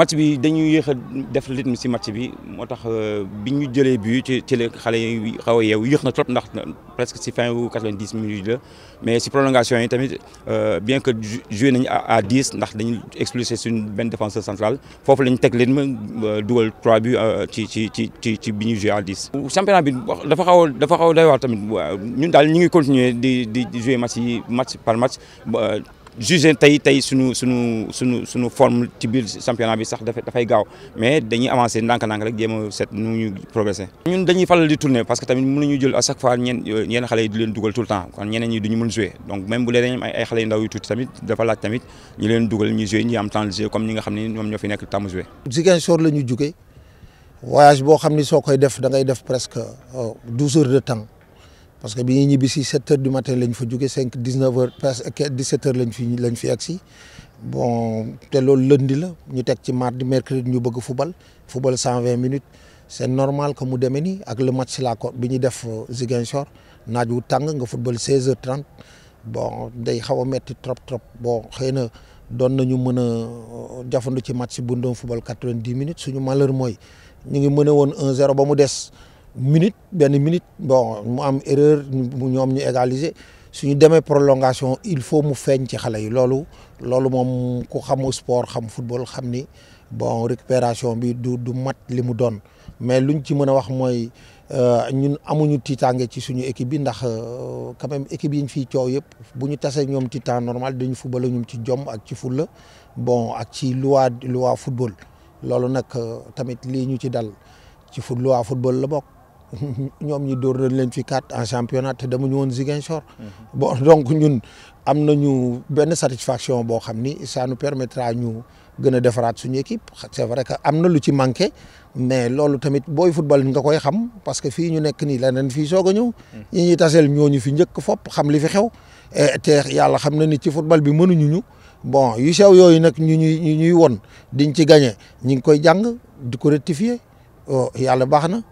match bi dañuy yéex def rythme si match bi moo tax euh, bi ñu jëlee but ci ci la xale yi xaw a yeewu yéex na trop ndax presque ci fin wu quatre-vingt-dix minutes la mais si prolongation yi tamit euh, bien que joué nañu à dix ndax dañu expulsé suñu benn défenseur centrale foofu lañu ñu teg rythme euh, dugal trois buts ci ci ci ci ci bi ñu joué à dix. championnat bi dafa xaw a dafa xaw a doy waar tamit ñun daal ñu ngi continuer di di joué match yi match par match. juger tay tay suñu suñu suñu suñu forme ci biir championnat bi sax da fay gaaw mais dañuy avancer ndànk-ndànk rek jéem set seet nu ñu progresser. ñun dañuy faral di tourner parce que tamit ñu jël à chaque fois ñen ñen xalé yi di leen dugal tout le temps kon ñeneen ñi duñu mën jouer donc même bu leen ay ay xalé ndaw yu tout tamit dafa laaj tamit ñu leen dugal ñu jouer ñu am temps de jouer comme ñi nga xam ne ñoom ñoo fi jouer. jigen la lañu jugee voyage bo xamni sokoy def da ngay def presque 12 euh, heures de temps parce que bi 7 h du matin lañ fa joggé 5 19 h 17 h lañ fi lañ fi bon lundi la ñu teg ci mardi mercredi ñu bëgg football football 120 minutes c'est normal que mu demee nii ak le match la ko biñu def euh, Ziguinchor naaj wu tang nga football 16 h 30 bon day xawa metti trop trop bon xeyna nañu mën a euh, ci match bu football 90 minutes suñu malheur mooy ñu ngi mën 1-0 ba minute ben minute bon mu am erreur mu ñom ñu égaliser suñu demee prolongation il faut mu feñ ci xalé yi lolu lolu mom ku xamu sport xam football xam ni bon récupération bi du du mat limu mu mais luñ ci mëna wax moy euh, ñun amuñu tiitaange ci suñu équipe bi ndax euh, quand même équipe yi ñu fiy coow yëpp bu ñu tasee normal dañu football ñum ci jom ak ci fulla bon ak ci loi loi football lolu nak euh, tamit li ñu ci dal ci fu loi football la bokk. ñom ñi door nañ leen fi kat en championnat te demuñu woon Ziguinchor. bon donc ñun am nañu ben satisfaction bo xamni ça nous permettra ñu gëna défarat suñu équipe c'est vrai que amna lu ci manquer mais lolu tamit boy football nga koy xam parce que fi ñu nekk ni leneen mm. fi soga a ñi ñi tassel taseel fi ñëk fop xam li fi xew. te yalla xam na ni ci football bi nyu ñu bon yu xew yoy nak ñu ñuy won diñ ci gagner ñu ngi koy jang di ko rectifier oh yalla baxna